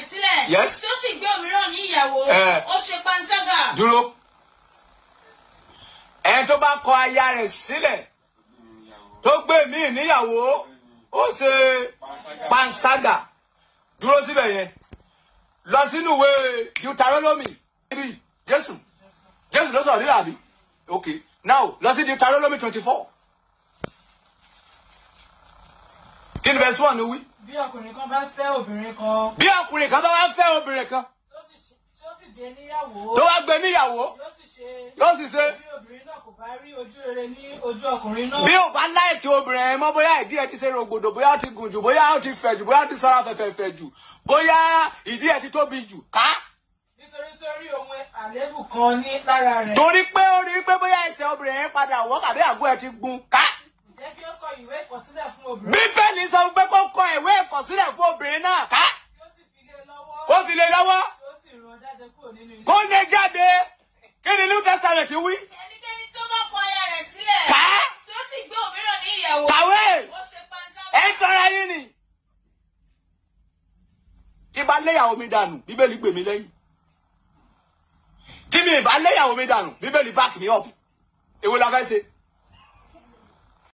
rẹ̀ sílẹ̀. yes. tí ó sì gbé òmíràn ní ìyàwó. ó ṣe panṣágà. dúró ẹni tó bá kọ aya rẹ̀ sílẹ̀ tó gbé mi níyàwó ó ṣe panṣágà dúró síbẹ̀ yẹn lọ sínú ìwé deuteronomy níbi jésù jésù ló sọ̀rọ̀ nílàbí ok now lọ sí deuteronomy twenty four. kí ni verse one wí. bí ọkùnrin kan bá fẹ́ obìnrin kan. bí ọkùnrin kan bá wá fẹ́ obìnrin kan. tó sì gbé níyàwó. tó wá gbé níyàwó. yóò sì ṣe. bí obìnrin náà kò bá rí ojú rere ní ojú ọkùnrin náà. bí ò bá láìkí obìnrin ẹ mọ bóyá ìdí ẹ ti ṣe rògbòdò bóyá ti gùn jù ti fẹ̀ jù ti sara fẹ̀fẹ̀fẹ̀ jù bóyá ìdí ẹ ti tóbi jù ká nítorí tó rí ohun àléébù kan ní lára rẹ̀. torí pé ó rí pé bóyá ẹsẹ̀ obìnrin yẹn padà wọ́ tàbí àgọ́ ẹ̀ ti gun ká. jẹ́ kí ó kọ ìwé ìkọsílẹ̀ fún obìnrin ti sọ pé kó kọ ìwé ẹ̀kọ́ sílẹ̀ fún obìnrin náà ká ó sì lè lọ́wọ́ kó lè jáde kí ni New Testament wí. ẹnikẹ́ni tó bá kọ aya rẹ̀ sílẹ̀ ká sì gbé òmíràn ní ìyàwó kàwé ẹ tọ́ra yín ni. kí bá léyàwó mi dànù bíbélì gbè mí lẹ́yìn tí mi bá léyàwó mi dànù bíbélì back mi up èwo la fẹ́ ṣe.